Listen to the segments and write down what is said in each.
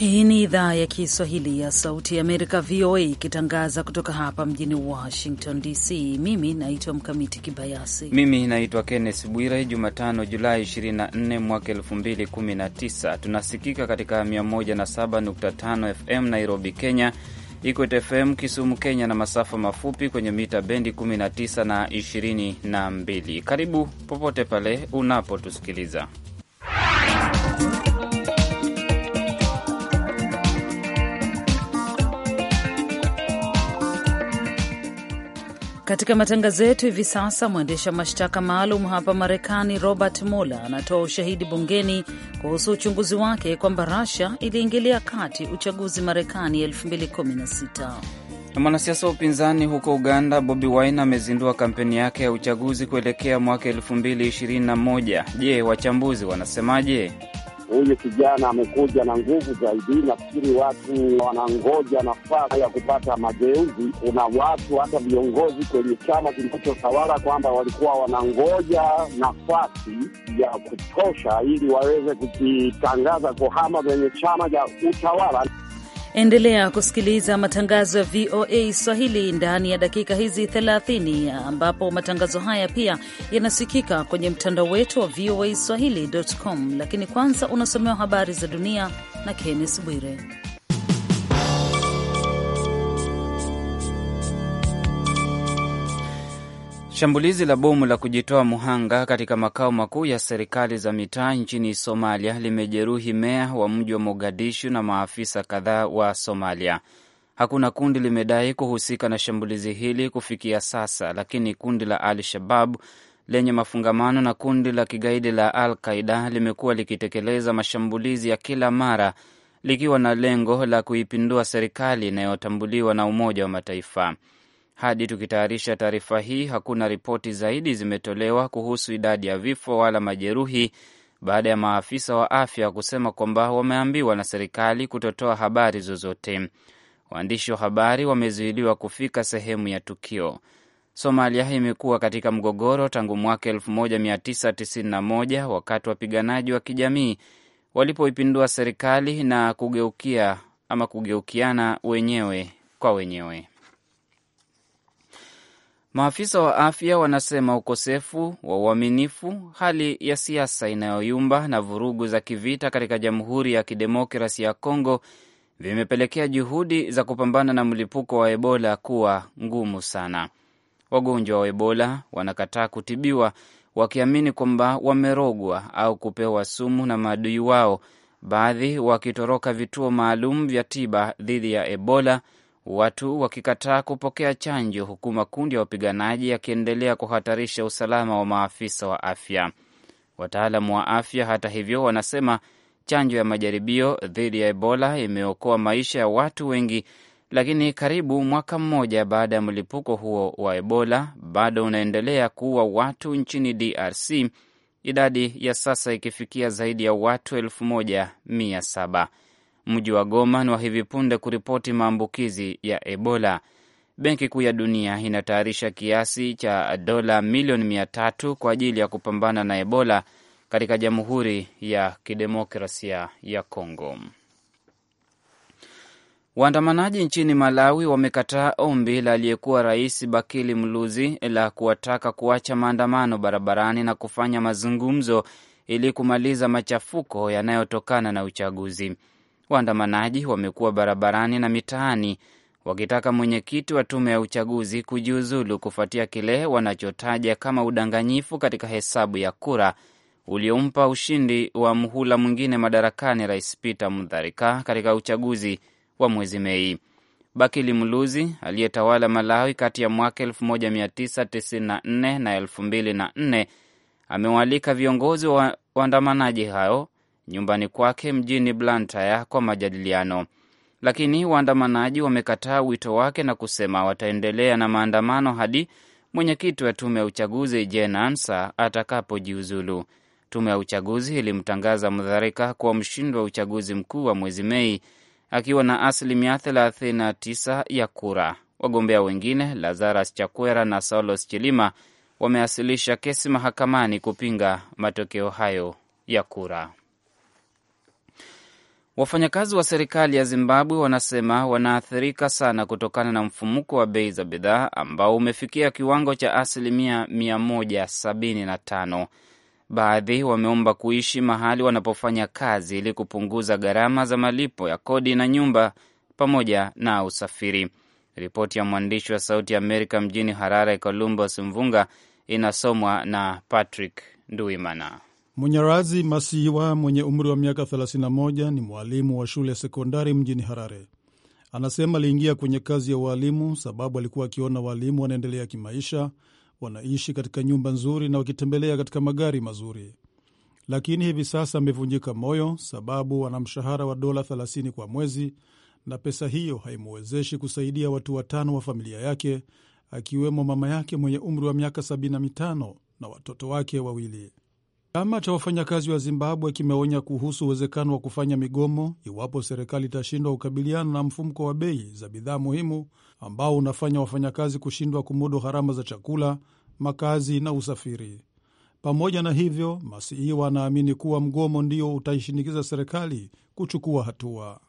Hii ni idhaa ya Kiswahili ya Sauti ya Amerika, VOA, ikitangaza kutoka hapa mjini Washington DC. Mimi naitwa Mkamiti Kibayasi. Mimi naitwa Kenneth Bwire. Jumatano, Julai 24 mwaka 2019, tunasikika katika 107.5 FM Nairobi, Kenya, Ikwet FM Kisumu, Kenya, na masafa mafupi kwenye mita bendi 19 na 22. Karibu popote pale unapotusikiliza Katika matangazo yetu hivi sasa, mwendesha mashtaka maalum hapa Marekani Robert Mueller anatoa ushahidi bungeni kuhusu uchunguzi wake kwamba Russia iliingilia kati uchaguzi Marekani 2016. Na mwanasiasa wa upinzani huko Uganda Bobi Wine amezindua kampeni yake ya uchaguzi kuelekea mwaka 2021. Je, wachambuzi wanasemaje? huyu kijana amekuja na nguvu zaidi. Nafikiri watu wanangoja nafasi ya kupata mageuzi. Kuna watu hata viongozi kwenye chama kinachotawala kwamba walikuwa wanangoja nafasi ya kutosha ili waweze kukitangaza kuhama kwenye chama cha utawala. Endelea kusikiliza matangazo ya VOA Swahili ndani ya dakika hizi 30 ambapo matangazo haya pia yanasikika kwenye mtandao wetu wa voa swahilicom lakini kwanza unasomewa habari za dunia na Kenneth Bwire. Shambulizi la bomu la kujitoa muhanga katika makao makuu ya serikali za mitaa nchini Somalia limejeruhi meya wa mji wa Mogadishu na maafisa kadhaa wa Somalia. Hakuna kundi limedai kuhusika na shambulizi hili kufikia sasa, lakini kundi la Al Shababu lenye mafungamano na kundi la kigaidi la Al Qaida limekuwa likitekeleza mashambulizi ya kila mara likiwa na lengo la kuipindua serikali inayotambuliwa na Umoja wa Mataifa. Hadi tukitayarisha taarifa hii, hakuna ripoti zaidi zimetolewa kuhusu idadi ya vifo wala majeruhi, baada ya maafisa wa afya kusema kwamba wameambiwa na serikali kutotoa habari zozote. Waandishi wa habari wamezuiliwa kufika sehemu ya tukio. Somalia imekuwa katika mgogoro tangu mwaka 1991 wakati wapiganaji wa kijamii walipoipindua serikali na kugeukia ama kugeukiana wenyewe kwa wenyewe. Maafisa wa afya wanasema ukosefu wa uaminifu, hali ya siasa inayoyumba na vurugu za kivita katika Jamhuri ya Kidemokrasi ya Kongo vimepelekea juhudi za kupambana na mlipuko wa Ebola kuwa ngumu sana. Wagonjwa wa Ebola wanakataa kutibiwa wakiamini kwamba wamerogwa au kupewa sumu na maadui wao, baadhi wakitoroka vituo maalum vya tiba dhidi ya Ebola watu wakikataa kupokea chanjo, huku makundi ya wapiganaji yakiendelea kuhatarisha usalama wa maafisa wa afya. Wataalamu wa afya, hata hivyo, wanasema chanjo ya majaribio dhidi ya Ebola imeokoa maisha ya watu wengi, lakini karibu mwaka mmoja baada ya mlipuko huo wa Ebola bado unaendelea kuua watu nchini DRC, idadi ya sasa ikifikia zaidi ya watu elfu moja mia saba. Mji wa Goma ni wa hivi punde kuripoti maambukizi ya Ebola. Benki Kuu ya Dunia inatayarisha kiasi cha dola milioni mia tatu kwa ajili ya kupambana na Ebola katika Jamhuri ya Kidemokrasia ya congo Waandamanaji nchini Malawi wamekataa ombi la aliyekuwa rais Bakili Mluzi la kuwataka kuacha maandamano barabarani na kufanya mazungumzo ili kumaliza machafuko yanayotokana na uchaguzi waandamanaji wamekuwa barabarani na mitaani wakitaka mwenyekiti wa tume ya uchaguzi kujiuzulu kufuatia kile wanachotaja kama udanganyifu katika hesabu ya kura uliompa ushindi wa mhula mwingine madarakani Rais Peter Mutharika katika uchaguzi wa mwezi Mei. Bakili mluzi aliyetawala Malawi kati ya mwaka 1994 na 2004 amewaalika viongozi wa waandamanaji hao nyumbani kwake mjini Blantyre kwa majadiliano, lakini waandamanaji wamekataa wito wake na kusema wataendelea na maandamano hadi mwenyekiti wa tume ya uchaguzi Jen Ansa atakapojiuzulu. Tume ya uchaguzi ilimtangaza Mudharika kuwa mshindi wa uchaguzi mkuu wa mwezi Mei akiwa na asilimia 39 ya kura. Wagombea wengine Lazarus Chakwera na Saulos Chilima wamewasilisha kesi mahakamani kupinga matokeo hayo ya kura. Wafanyakazi wa serikali ya Zimbabwe wanasema wanaathirika sana kutokana na mfumuko wa bei za bidhaa ambao umefikia kiwango cha asilimia 175. Baadhi wameomba kuishi mahali wanapofanya kazi ili kupunguza gharama za malipo ya kodi na nyumba pamoja na usafiri. Ripoti ya mwandishi wa Sauti ya Amerika mjini Harare, Columbus Mvunga, inasomwa na Patrick Nduimana. Munyarazi Masiwa mwenye umri wa miaka 31 ni mwalimu wa shule ya sekondari mjini Harare. Anasema aliingia kwenye kazi ya ualimu sababu alikuwa akiona waalimu wanaendelea kimaisha, wanaishi katika nyumba nzuri na wakitembelea katika magari mazuri, lakini hivi sasa amevunjika moyo sababu ana mshahara wa dola 30 kwa mwezi na pesa hiyo haimwezeshi kusaidia watu watano wa familia yake, akiwemo mama yake mwenye umri wa miaka 75 na watoto wake wawili. Chama cha wafanyakazi wa Zimbabwe kimeonya kuhusu uwezekano wa kufanya migomo iwapo serikali itashindwa kukabiliana na mfumko wa bei za bidhaa muhimu ambao unafanya wafanyakazi kushindwa kumudu gharama za chakula, makazi na usafiri. Pamoja na hivyo, Masiiwa anaamini kuwa mgomo ndio utaishinikiza serikali kuchukua hatua.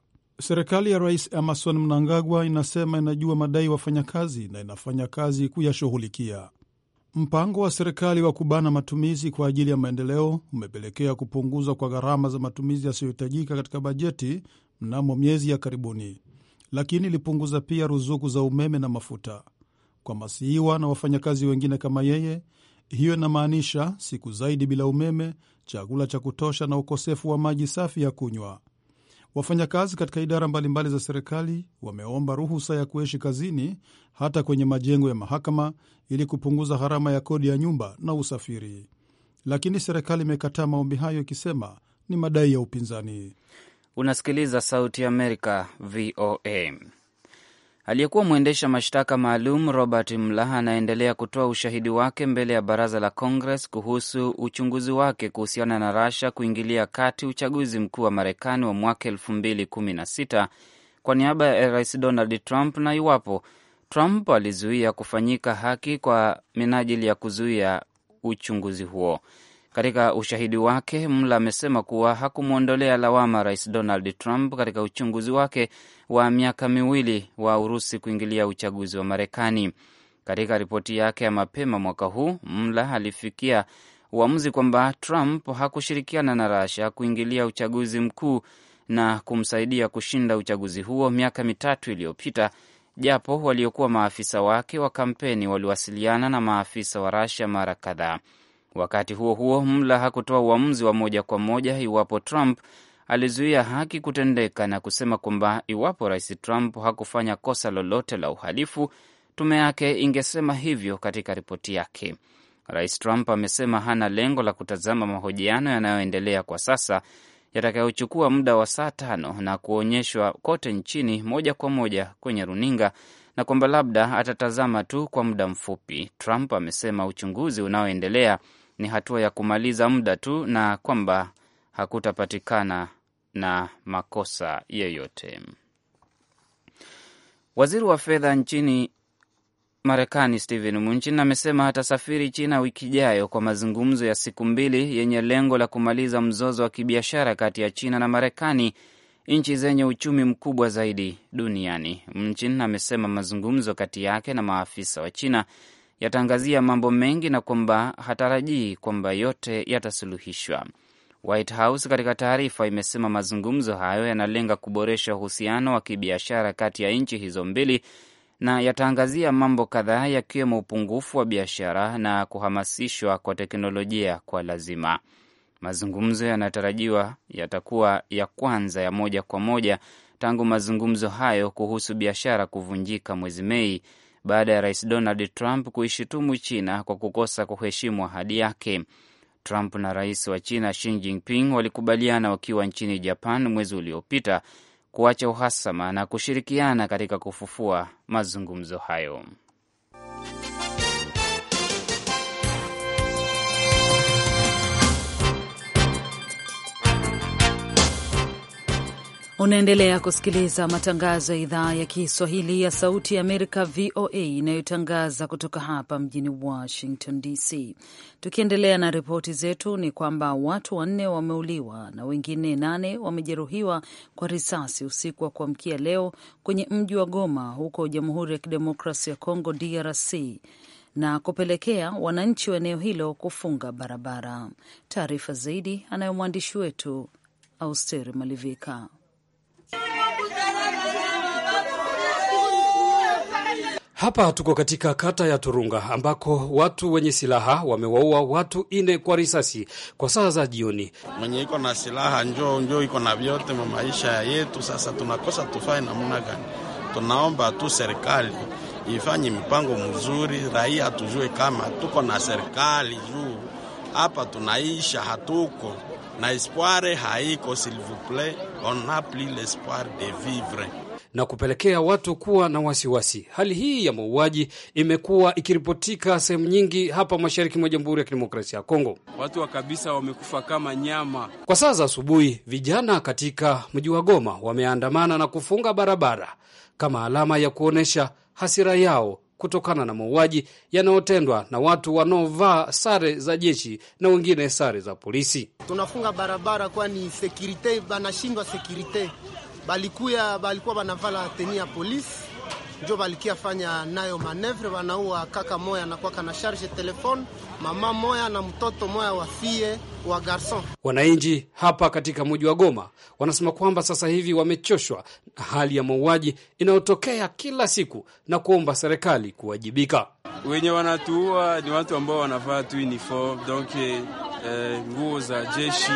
Serikali ya Rais Emmerson Mnangagwa inasema inajua madai wafanyakazi na inafanya kazi kuyashughulikia. Mpango wa serikali wa kubana matumizi kwa ajili ya maendeleo umepelekea kupunguzwa kwa gharama za matumizi yasiyohitajika katika bajeti mnamo miezi ya karibuni, lakini ilipunguza pia ruzuku za umeme na mafuta kwa masiiwa na wafanyakazi wengine kama yeye. Hiyo inamaanisha siku zaidi bila umeme, chakula cha kutosha na ukosefu wa maji safi ya kunywa. Wafanyakazi katika idara mbalimbali za serikali wameomba ruhusa ya kuishi kazini hata kwenye majengo ya mahakama ili kupunguza gharama ya kodi ya nyumba na usafiri, lakini serikali imekataa maombi hayo ikisema ni madai ya upinzani. Unasikiliza Sauti ya Amerika, VOA. Aliyekuwa mwendesha mashtaka maalum Robert Mueller anaendelea kutoa ushahidi wake mbele ya baraza la Congress kuhusu uchunguzi wake kuhusiana na Russia kuingilia kati uchaguzi mkuu wa Marekani wa mwaka elfu mbili kumi na sita kwa niaba ya Rais Donald Trump na iwapo Trump alizuia kufanyika haki kwa minajili ya kuzuia uchunguzi huo. Katika ushahidi wake, Mla amesema kuwa hakumwondolea lawama Rais Donald Trump katika uchunguzi wake wa miaka miwili wa Urusi kuingilia uchaguzi wa Marekani. Katika ripoti yake ya mapema mwaka huu, Mla alifikia uamuzi kwamba Trump hakushirikiana na rasha kuingilia uchaguzi mkuu na kumsaidia kushinda uchaguzi huo miaka mitatu iliyopita, japo waliokuwa maafisa wake wa kampeni waliwasiliana na maafisa wa Rasha mara kadhaa. Wakati huo huo, Mla hakutoa uamuzi wa moja kwa moja iwapo Trump alizuia haki kutendeka na kusema kwamba iwapo Rais Trump hakufanya kosa lolote la uhalifu, tume yake ingesema hivyo katika ripoti yake. Rais Trump amesema hana lengo la kutazama mahojiano yanayoendelea kwa sasa yatakayochukua muda wa saa tano na kuonyeshwa kote nchini moja kwa moja kwenye runinga na kwamba labda atatazama tu kwa muda mfupi. Trump amesema uchunguzi unaoendelea ni hatua ya kumaliza muda tu na kwamba hakutapatikana na makosa yeyote. Waziri wa fedha nchini Marekani Steven Mnuchin amesema atasafiri China wiki ijayo kwa mazungumzo ya siku mbili yenye lengo la kumaliza mzozo wa kibiashara kati ya China na Marekani, nchi zenye uchumi mkubwa zaidi duniani. Mnuchin amesema mazungumzo kati yake na maafisa wa China yataangazia mambo mengi na kwamba hatarajii kwamba yote yatasuluhishwa. White House katika taarifa imesema mazungumzo hayo yanalenga kuboresha uhusiano wa kibiashara kati ya nchi hizo mbili na yataangazia mambo kadhaa yakiwemo upungufu wa biashara na kuhamasishwa kwa teknolojia kwa lazima. Mazungumzo yanatarajiwa yatakuwa ya kwanza ya moja kwa moja tangu mazungumzo hayo kuhusu biashara kuvunjika mwezi Mei baada ya rais Donald Trump kuishutumu China kwa kukosa kuheshimu ahadi yake. Trump na rais wa China Xi Jinping walikubaliana wakiwa nchini Japan mwezi uliopita kuacha uhasama na kushirikiana katika kufufua mazungumzo hayo. Unaendelea kusikiliza matangazo ya idhaa ya Kiswahili ya Sauti ya Amerika, VOA, inayotangaza kutoka hapa mjini Washington DC. Tukiendelea na ripoti zetu, ni kwamba watu wanne wameuliwa na wengine nane wamejeruhiwa kwa risasi usiku wa kuamkia leo kwenye mji wa Goma huko Jamhuri ya Kidemokrasia ya Kongo, DRC, na kupelekea wananchi wa eneo hilo kufunga barabara. Taarifa zaidi anayo mwandishi wetu Austeri Malivika. Hapa tuko katika kata ya Turunga ambako watu wenye silaha wamewaua watu ine kwa risasi kwa saa za jioni. Mwenye iko na silaha njo njo iko na vyote mwa maisha yetu. Sasa tunakosa tufae namna gani? Tunaomba tu serikali ifanye mipango mzuri, raia tujue kama tuko na serikali juu hapa tunaisha, hatuko na espoire, haiko s'il vous plait, on a plus l'espoir de vivre na kupelekea watu kuwa na wasiwasi. Hali hii ya mauaji imekuwa ikiripotika sehemu nyingi hapa mashariki mwa Jamhuri ya Kidemokrasia ya Kongo. Watu wa kabisa wamekufa kama nyama. Kwa sasa asubuhi, vijana katika mji wa Goma wameandamana na kufunga barabara kama alama ya kuonyesha hasira yao kutokana na mauaji yanayotendwa na watu wanaovaa sare za jeshi na wengine sare za polisi. Tunafunga barabara, kwani sekurite banashindwa sekurite balikuya balikuwa banavala tenia polisi njo balikia fanya nayo manevre, wanaua kaka moya na kwaka na charge telefone, mama moya na mtoto moya wafie wa garson. Wananchi hapa katika mji wa Goma wanasema kwamba sasa hivi wamechoshwa na hali ya mauaji inayotokea kila siku na kuomba serikali kuwajibika. Wenye wanatuua ni watu ambao wanavaa tu uniform donc eh, eh nguo za jeshi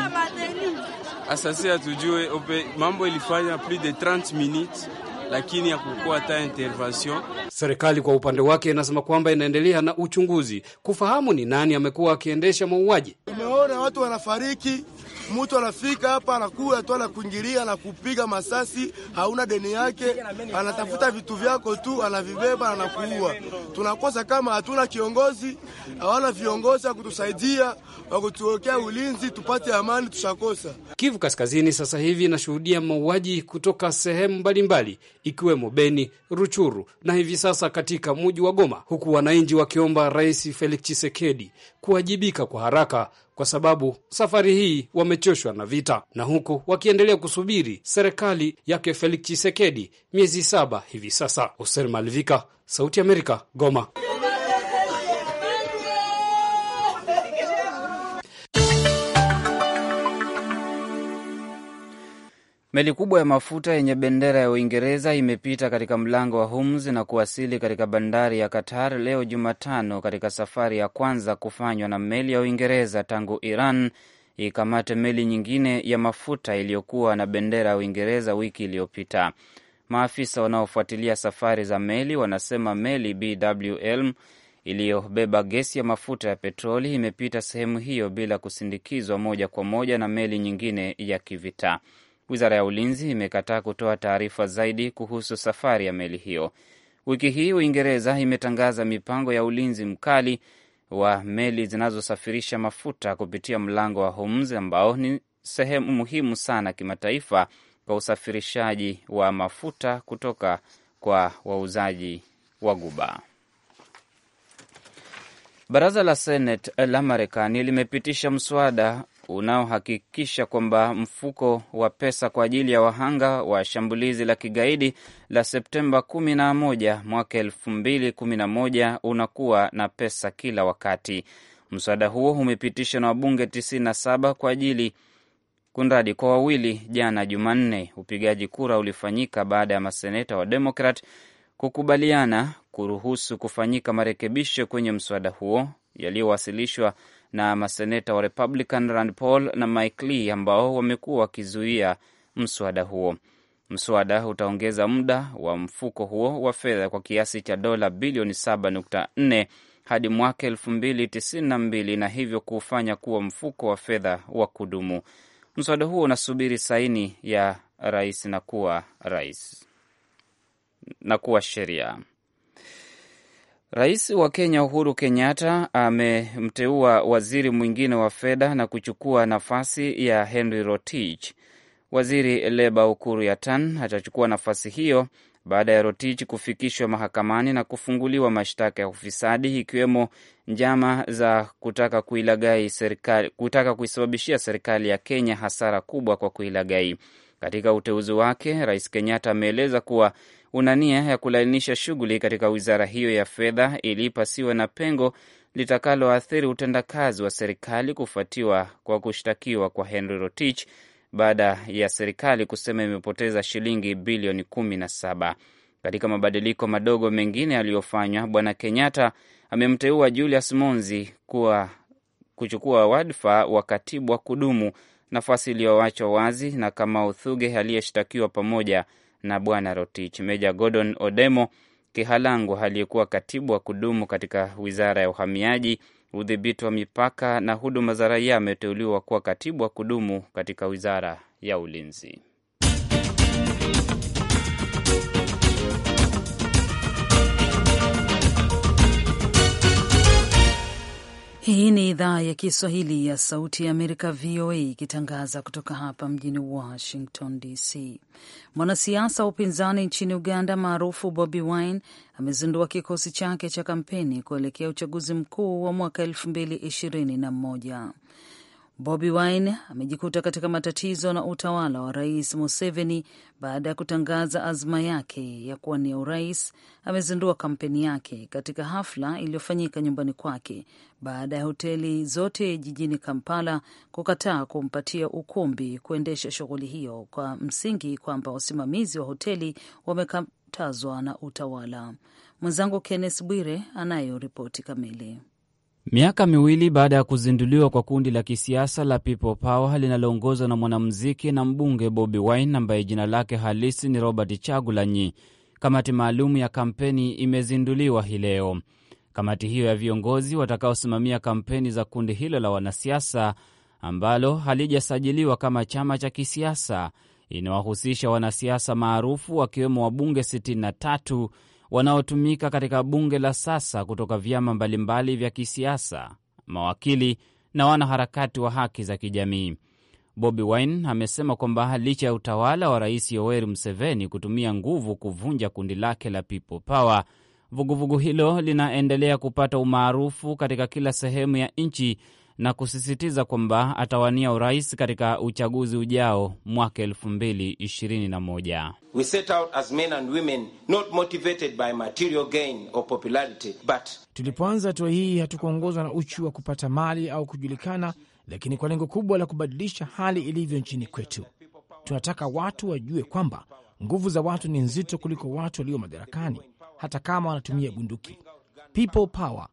asasi atujue ope mambo ilifanya plus de 30 minutes lakini hakukuwa hata intervention. Serikali kwa upande wake inasema kwamba inaendelea na uchunguzi kufahamu ni nani amekuwa akiendesha mauaji. Umeona watu wanafariki mtu anafika hapa anakuwa tu anakuingilia na kupiga masasi, hauna deni yake, anatafuta vitu vyako tu anavibeba anakuua. Tunakosa kama hatuna kiongozi, hawana viongozi wa kutusaidia wa kutuwekea ulinzi, tupate amani, tushakosa. Kivu Kaskazini sasa hivi inashuhudia mauaji kutoka sehemu mbalimbali ikiwemo Beni, Ruchuru na hivi sasa katika muji wa Goma, huku wananchi wakiomba Rais Felix Tshisekedi kuwajibika kwa haraka kwa sababu safari hii wamechoshwa na vita, na huku wakiendelea kusubiri serikali yake Felix chisekedi miezi saba hivi sasa. Hoser Malvika, Sauti Amerika, Goma. Meli kubwa ya mafuta yenye bendera ya Uingereza imepita katika mlango wa Hormuz na kuwasili katika bandari ya Qatar leo Jumatano, katika safari ya kwanza kufanywa na meli ya Uingereza tangu Iran ikamate meli nyingine ya mafuta iliyokuwa na bendera ya Uingereza wiki iliyopita. Maafisa wanaofuatilia safari za meli wanasema meli BW Elm iliyobeba gesi ya mafuta ya petroli imepita sehemu hiyo bila kusindikizwa moja kwa moja na meli nyingine ya kivita. Wizara ya ulinzi imekataa kutoa taarifa zaidi kuhusu safari ya meli hiyo. Wiki hii Uingereza imetangaza mipango ya ulinzi mkali wa meli zinazosafirisha mafuta kupitia mlango wa Hormuz ambao ni sehemu muhimu sana kimataifa kwa usafirishaji wa mafuta kutoka kwa wauzaji wa Guba. Baraza la Seneti la Marekani limepitisha mswada unaohakikisha kwamba mfuko wa pesa kwa ajili ya wahanga wa shambulizi la kigaidi la Septemba 11 mwaka 2011 unakuwa na pesa kila wakati. Mswada huo umepitishwa na wabunge 97 kwa ajili kunradi kwa wawili jana Jumanne. Upigaji kura ulifanyika baada ya maseneta wa Demokrat kukubaliana kuruhusu kufanyika marekebisho kwenye mswada huo yaliyowasilishwa na maseneta wa Republican Rand Paul na Mike Lee ambao wamekuwa wakizuia mswada huo. Mswada utaongeza muda wa mfuko huo wa fedha kwa kiasi cha dola bilioni 7.4 hadi mwaka 2092 na hivyo kuufanya kuwa mfuko wa fedha wa kudumu. Mswada huo unasubiri saini ya rais na kuwa rais na kuwa sheria. Rais wa Kenya Uhuru Kenyatta amemteua waziri mwingine wa fedha na kuchukua nafasi ya Henry Rotich. Waziri leba Ukuru Yatan atachukua nafasi hiyo baada ya Rotich kufikishwa mahakamani na kufunguliwa mashtaka ya ufisadi ikiwemo njama za kutaka kuilagai serikali, kutaka kuisababishia serikali ya Kenya hasara kubwa kwa kuilagai. Katika uteuzi wake, Rais Kenyatta ameeleza kuwa una nia ya kulainisha shughuli katika wizara hiyo ya fedha ili pasiwe na pengo litakaloathiri utendakazi wa serikali kufuatiwa kwa kushtakiwa kwa Henry Rotich baada ya serikali kusema imepoteza shilingi bilioni kumi na saba. Katika mabadiliko madogo mengine aliyofanywa, Bwana Kenyatta amemteua Julius Monzi kuwa kuchukua wadhifa wa katibu wa kudumu, nafasi iliyoachwa wazi na Kamau Thuge aliyeshtakiwa pamoja na Bwana Rotich. Meja Gordon Odemo Kihalangu aliyekuwa katibu wa kudumu katika wizara ya uhamiaji, udhibiti wa mipaka na huduma za raia ameteuliwa kuwa katibu wa kudumu katika wizara ya ulinzi. Hii ni idhaa ya Kiswahili ya Sauti ya Amerika, VOA, ikitangaza kutoka hapa mjini Washington DC. Mwanasiasa wa upinzani nchini Uganda maarufu Bobi Wine amezindua kikosi chake cha kampeni kuelekea uchaguzi mkuu wa mwaka elfu mbili ishirini na mmoja. Bobi Wine amejikuta katika matatizo na utawala wa Rais Museveni baada ya kutangaza azma yake ya kuwania urais. Amezindua kampeni yake katika hafla iliyofanyika nyumbani kwake baada ya hoteli zote jijini Kampala kukataa kumpatia ukumbi kuendesha shughuli hiyo kwa msingi kwamba wasimamizi wa hoteli wamekatazwa na utawala. Mwenzangu Kenneth Bwire anayo ripoti kamili. Miaka miwili baada ya kuzinduliwa kwa kundi la kisiasa la People Power linaloongozwa na mwanamuziki na mbunge Bobi Wine ambaye jina lake halisi ni Robert Chagulanyi, kamati maalum ya kampeni imezinduliwa hii leo. Kamati hiyo ya viongozi watakaosimamia kampeni za kundi hilo la wanasiasa ambalo halijasajiliwa kama chama cha kisiasa inawahusisha wanasiasa maarufu wakiwemo wabunge 63 wanaotumika katika bunge la sasa kutoka vyama mbalimbali vya kisiasa, mawakili na wanaharakati wa haki za kijamii. Bobi Wine amesema kwamba licha ya utawala wa Rais Yoweri Museveni kutumia nguvu kuvunja kundi lake la People Power, vuguvugu hilo linaendelea kupata umaarufu katika kila sehemu ya nchi na kusisitiza kwamba atawania urais katika uchaguzi ujao mwaka 2021. We set out as men and women not motivated by material gain or popularity but... Tulipoanza hatua hii hatukuongozwa na uchu wa kupata mali au kujulikana, lakini kwa lengo kubwa la kubadilisha hali ilivyo nchini kwetu. Tunataka watu wajue kwamba nguvu za watu ni nzito kuliko watu walio madarakani, hata kama wanatumia bunduki. People power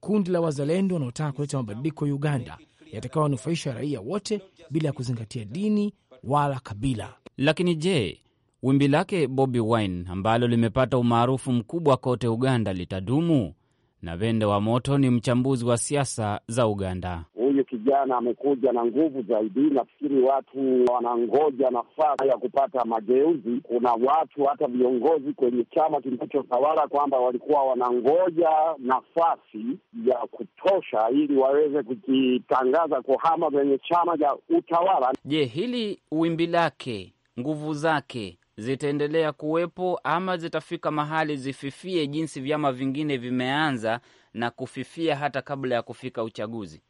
kundi la wazalendo wanaotaka kuleta mabadiliko ya Uganda yatakayowanufaisha raia wote bila ya kuzingatia dini wala kabila. Lakini je, wimbi lake Bobi Wine ambalo limepata umaarufu mkubwa kote Uganda litadumu? Na Vende wa Moto ni mchambuzi wa siasa za Uganda kijana amekuja na nguvu zaidi. Nafikiri watu wanangoja nafasi ya kupata mageuzi. Kuna watu hata viongozi kwenye chama kinachotawala kwamba walikuwa wanangoja nafasi ya kutosha ili waweze kujitangaza kuhama kwenye chama cha utawala. Je, hili wimbi lake, nguvu zake zitaendelea kuwepo ama zitafika mahali zififie, jinsi vyama vingine vimeanza na kufifia hata kabla ya kufika uchaguzi?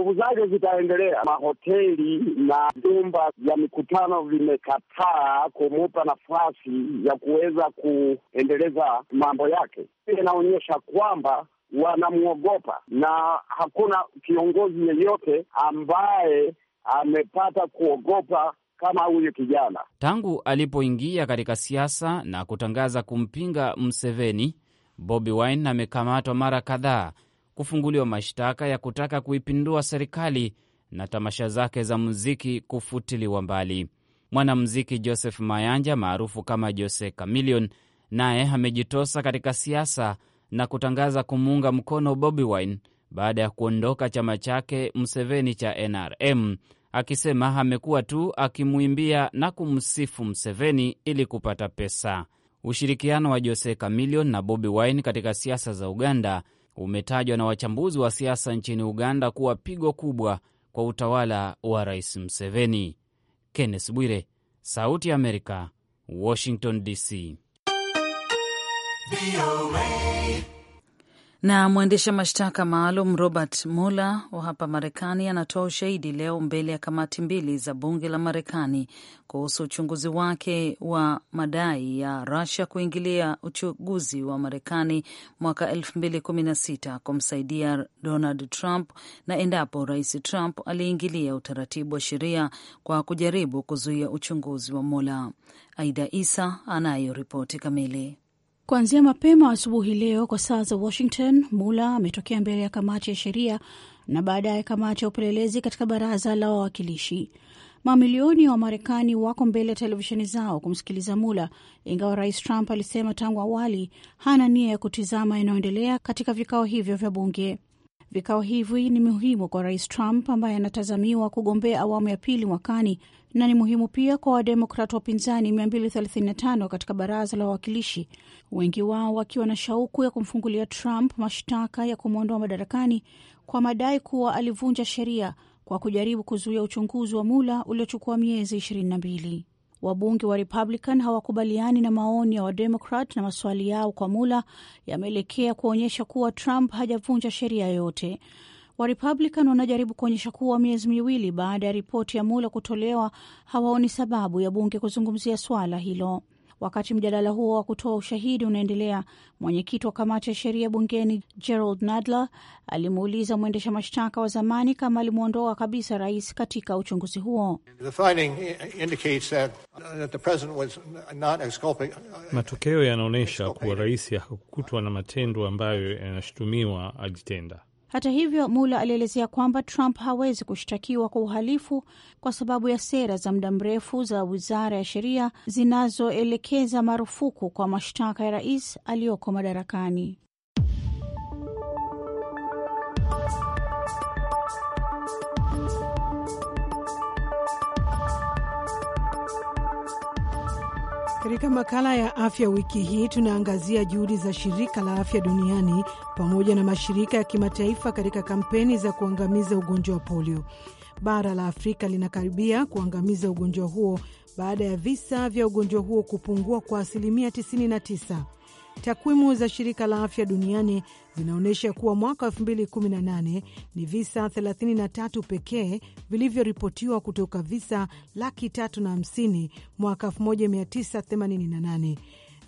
nguvu zake zitaendelea. Mahoteli na vyumba vya mikutano vimekataa kumupa nafasi ya kuweza kuendeleza mambo yake. Inaonyesha kwamba wanamwogopa na hakuna kiongozi yeyote ambaye amepata kuogopa kama huyu kijana tangu alipoingia katika siasa na kutangaza kumpinga Mseveni. Bobi Wine amekamatwa mara kadhaa kufunguliwa mashtaka ya kutaka kuipindua serikali na tamasha zake za muziki kufutiliwa mbali. Mwanamuziki Joseph Mayanja maarufu kama Jose Chameleone naye amejitosa katika siasa na kutangaza kumuunga mkono Bobi Wine baada ya kuondoka chama chake Mseveni cha NRM, akisema amekuwa tu akimwimbia na kumsifu Mseveni ili kupata pesa. Ushirikiano wa Jose Chameleone na Bobi Wine katika siasa za Uganda umetajwa na wachambuzi wa siasa nchini Uganda kuwa pigo kubwa kwa utawala wa Rais Museveni. Kenneth Bwire, Sauti ya Amerika, Washington DC. Na mwendesha mashtaka maalum Robert Mueller wa hapa Marekani anatoa ushahidi leo mbele ya kamati mbili za bunge la Marekani kuhusu uchunguzi wake wa madai ya Russia kuingilia uchaguzi wa Marekani mwaka 2016 kumsaidia Donald Trump na endapo Rais Trump aliingilia utaratibu wa sheria kwa kujaribu kuzuia uchunguzi wa Mueller. Aida Isa anayo ripoti kamili. Kuanzia mapema asubuhi leo kwa saa za Washington, Mula ametokea mbele ya kamati ya sheria na baadaye kamati ya upelelezi katika baraza la wawakilishi. Mamilioni ya Wamarekani wako mbele ya televisheni zao kumsikiliza Mula, ingawa Rais Trump alisema tangu awali hana nia ya kutizama yanayoendelea katika vikao hivyo vya bunge. Vikao hivi ni muhimu kwa Rais Trump ambaye anatazamiwa kugombea awamu ya pili mwakani na ni muhimu pia kwa Wademokrat wapinzani 235 katika baraza la wawakilishi, wengi wao wakiwa na shauku ya kumfungulia Trump mashtaka ya kumwondoa madarakani kwa madai kuwa alivunja sheria kwa kujaribu kuzuia uchunguzi wa mula uliochukua miezi 22. Wabunge wa Republican hawakubaliani na maoni ya Wademokrat na maswali yao kwa Mula yameelekea kuonyesha kuwa Trump hajavunja sheria yoyote. Warepublican wanajaribu kuonyesha kuwa miezi miwili baada ya ripoti ya Mula kutolewa hawaoni sababu ya bunge kuzungumzia swala hilo. Wakati mjadala huo wa kutoa ushahidi unaendelea, mwenyekiti wa kamati ya sheria bungeni Gerald Nadler alimuuliza mwendesha mashtaka wa zamani kama alimwondoa kabisa rais katika uchunguzi huo. Uh, Matokeo yanaonyesha kuwa rais hakukutwa na matendo ambayo yanashutumiwa alitenda. Hata hivyo, Mula alielezea kwamba Trump hawezi kushtakiwa kwa uhalifu kwa sababu ya sera za muda mrefu za wizara ya sheria zinazoelekeza marufuku kwa mashtaka ya rais aliyoko madarakani. Katika makala ya afya wiki hii tunaangazia juhudi za shirika la afya duniani pamoja na mashirika ya kimataifa katika kampeni za kuangamiza ugonjwa wa polio. Bara la Afrika linakaribia kuangamiza ugonjwa huo baada ya visa vya ugonjwa huo kupungua kwa asilimia 99 Takwimu za shirika la afya duniani zinaonyesha kuwa mwaka 2018 ni visa 33 pekee vilivyoripotiwa kutoka visa laki tatu na hamsini mwaka 1988.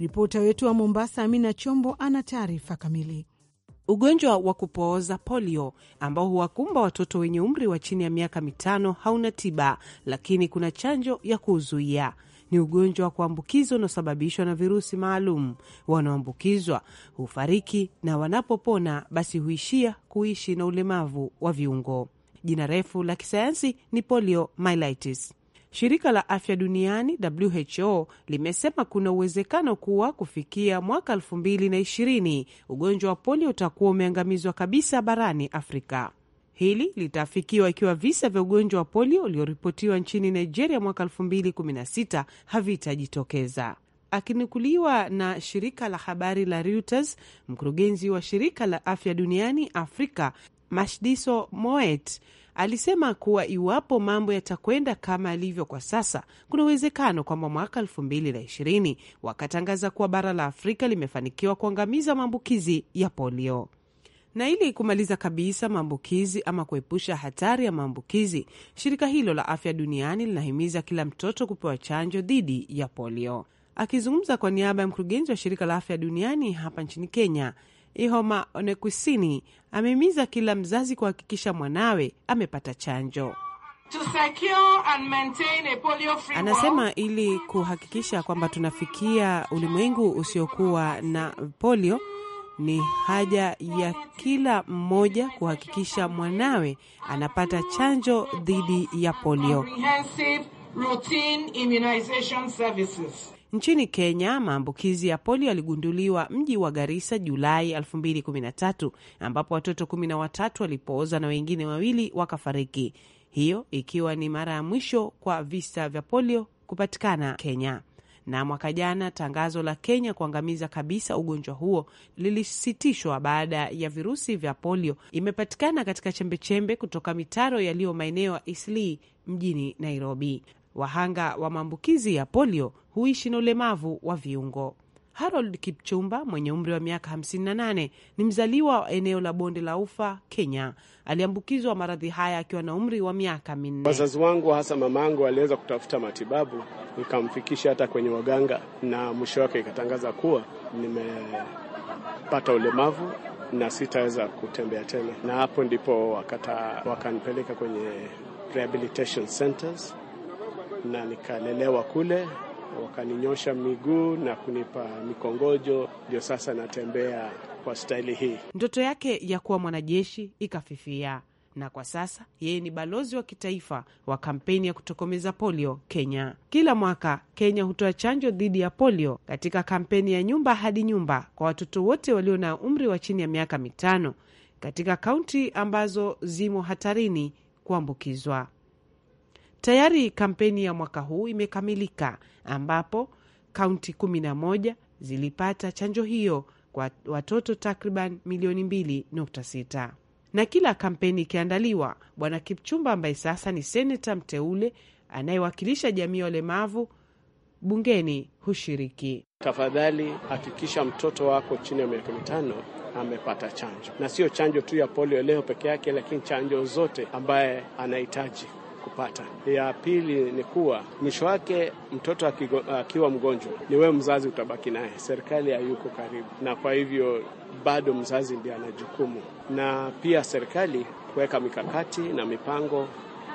Ripota wetu wa Mombasa, Amina Chombo, ana taarifa kamili. Ugonjwa wa kupooza polio ambao huwakumba watoto wenye umri wa chini ya miaka mitano hauna tiba, lakini kuna chanjo ya kuuzuia ni ugonjwa wa kuambukizwa unaosababishwa na virusi maalum. Wanaoambukizwa hufariki na wanapopona basi huishia kuishi na ulemavu wa viungo. Jina refu la kisayansi ni poliomyelitis. Shirika la afya duniani WHO limesema kuna uwezekano kuwa kufikia mwaka 2020 ugonjwa wa polio utakuwa umeangamizwa kabisa barani Afrika. Hili litaafikiwa ikiwa visa vya ugonjwa wa polio ulioripotiwa nchini Nigeria mwaka 2016 havitajitokeza. Akinukuliwa na shirika la habari la Reuters, mkurugenzi wa shirika la afya duniani Afrika Mashdiso Moet alisema kuwa iwapo mambo yatakwenda kama yalivyo kwa sasa, kuna uwezekano kwamba mwaka elfu mbili na ishirini wakatangaza kuwa bara la Afrika limefanikiwa kuangamiza maambukizi ya polio na ili kumaliza kabisa maambukizi ama kuepusha hatari ya maambukizi, shirika hilo la afya duniani linahimiza kila mtoto kupewa chanjo dhidi ya polio. Akizungumza kwa niaba ya mkurugenzi wa shirika la afya duniani hapa nchini Kenya, Ihoma onekusini amehimiza kila mzazi kuhakikisha mwanawe amepata chanjo. Anasema ili kuhakikisha kwamba tunafikia ulimwengu usiokuwa na polio ni haja ya kila mmoja kuhakikisha mwanawe anapata chanjo dhidi ya polio. Nchini Kenya, maambukizi ya polio yaligunduliwa mji wa Garissa Julai 2013 ambapo watoto 13 walipooza na wengine wawili wakafariki, hiyo ikiwa ni mara ya mwisho kwa visa vya polio kupatikana Kenya. Na mwaka jana tangazo la Kenya kuangamiza kabisa ugonjwa huo lilisitishwa baada ya virusi vya polio imepatikana katika chembechembe -chembe kutoka mitaro yaliyo maeneo ya Eastleigh mjini Nairobi. Wahanga wa maambukizi ya polio huishi na ulemavu wa viungo. Harold Kipchumba mwenye umri wa miaka 58 ni mzaliwa wa eneo la bonde la Ufa, Kenya. Aliambukizwa maradhi haya akiwa na umri wa miaka minne. Wazazi wangu hasa mamangu aliweza kutafuta matibabu, ikamfikisha hata kwenye waganga, na mwisho wake ikatangaza kuwa nimepata ulemavu na sitaweza kutembea tena, na hapo ndipo wakata wakanipeleka kwenye rehabilitation centers na nikalelewa kule wakaninyosha miguu na kunipa mikongojo, ndio sasa natembea kwa staili hii. Ndoto yake ya kuwa mwanajeshi ikafifia, na kwa sasa yeye ni balozi wa kitaifa wa kampeni ya kutokomeza polio Kenya. Kila mwaka Kenya hutoa chanjo dhidi ya polio katika kampeni ya nyumba hadi nyumba kwa watoto wote walio na umri wa chini ya miaka mitano katika kaunti ambazo zimo hatarini kuambukizwa. Tayari kampeni ya mwaka huu imekamilika ambapo kaunti 11 zilipata chanjo hiyo kwa watoto takriban milioni 2.6 na kila kampeni ikiandaliwa, Bwana Kipchumba ambaye sasa ni seneta mteule anayewakilisha jamii ya walemavu bungeni hushiriki. Tafadhali hakikisha mtoto wako chini ya miaka mitano amepata chanjo, na sio chanjo tu ya polio leo peke yake, lakini chanjo zote ambaye anahitaji kupata. Ya pili ni kuwa mwisho wake mtoto akiwa mgonjwa, ni wewe mzazi utabaki naye, serikali hayuko karibu, na kwa hivyo bado mzazi ndiye ana jukumu, na pia serikali kuweka mikakati na mipango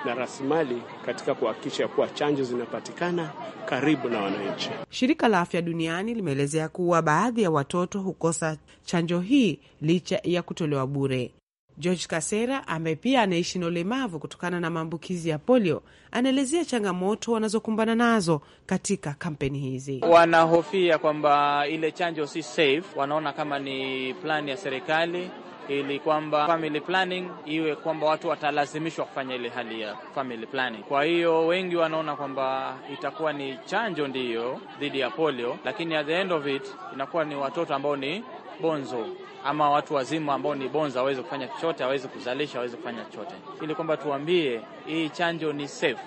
na rasilimali katika kuhakikisha kuwa chanjo zinapatikana karibu na wananchi. Shirika la Afya Duniani limeelezea kuwa baadhi ya watoto hukosa chanjo hii licha ya kutolewa bure. George Kasera ambaye pia anaishi na ulemavu kutokana na maambukizi ya polio anaelezea changamoto wanazokumbana nazo katika kampeni hizi. Wanahofia kwamba ile chanjo si safe, wanaona kama ni plani ya serikali ili kwamba family planning iwe kwamba watu watalazimishwa kufanya ile hali ya family planning. Kwa hiyo wengi wanaona kwamba itakuwa ni chanjo ndiyo dhidi ya polio, lakini at the end of it inakuwa ni watoto ambao ni bonzo ama watu wazima ambao ni bonzo aweze kufanya chochote, hawezi kuzalisha, aweze kufanya chochote, ili kwamba tuambie hii chanjo ni safe,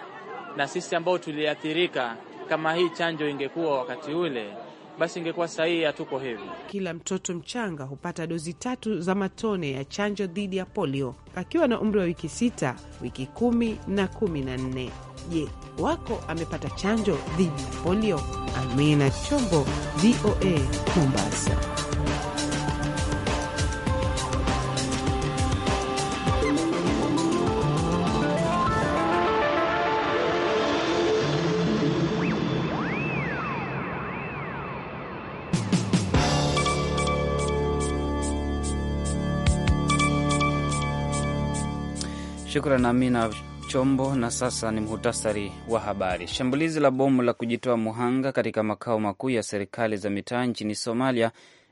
na sisi ambao tuliathirika, kama hii chanjo ingekuwa wakati ule basi ingekuwa sahihi. Hatuko hivi. Kila mtoto mchanga hupata dozi tatu za matone ya chanjo dhidi ya polio akiwa na umri wa wiki sita, wiki kumi na kumi na nne. Je, wako amepata chanjo dhidi ya polio? Amina Chombo, VOA, Mombasa. Shukran Amina Chombo. Na sasa ni muhutasari wa habari. Shambulizi la bomu la kujitoa muhanga katika makao makuu ya serikali za mitaa nchini Somalia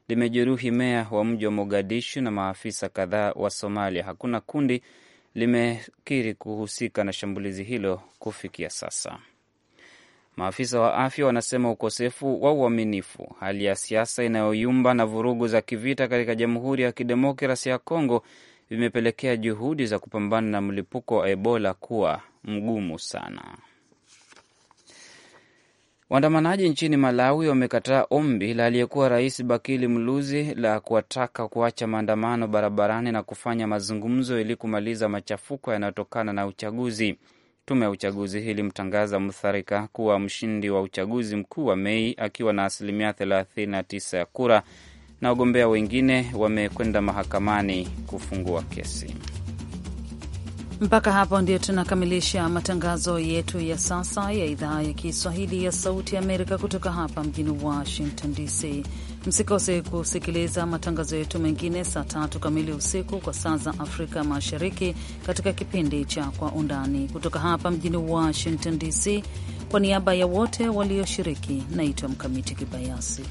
limejeruhi meya wa mji wa Mogadishu na maafisa kadhaa wa Somalia. Hakuna kundi limekiri kuhusika na shambulizi hilo kufikia sasa. Maafisa wa afya wanasema ukosefu wa uaminifu, hali ya siasa inayoyumba na vurugu za kivita katika Jamhuri ya Kidemokrasi ya Kongo vimepelekea juhudi za kupambana na mlipuko wa Ebola kuwa mgumu sana. Waandamanaji nchini Malawi wamekataa ombi la aliyekuwa rais Bakili Mluzi la kuwataka kuacha maandamano barabarani na kufanya mazungumzo ili kumaliza machafuko yanayotokana na uchaguzi. Tume ya uchaguzi ilimtangaza Mutharika kuwa mshindi wa uchaguzi mkuu wa Mei akiwa na asilimia 39 ya kura na wagombea wengine wamekwenda mahakamani kufungua kesi. Mpaka hapo ndio tunakamilisha matangazo yetu ya sasa ya idhaa ya Kiswahili ya Sauti ya Amerika kutoka hapa mjini Washington DC. Msikose kusikiliza matangazo yetu mengine saa tatu kamili usiku kwa saa za Afrika Mashariki katika kipindi cha Kwa Undani kutoka hapa mjini Washington DC. Kwa niaba ya wote walioshiriki, naitwa Mkamiti Kibayasi.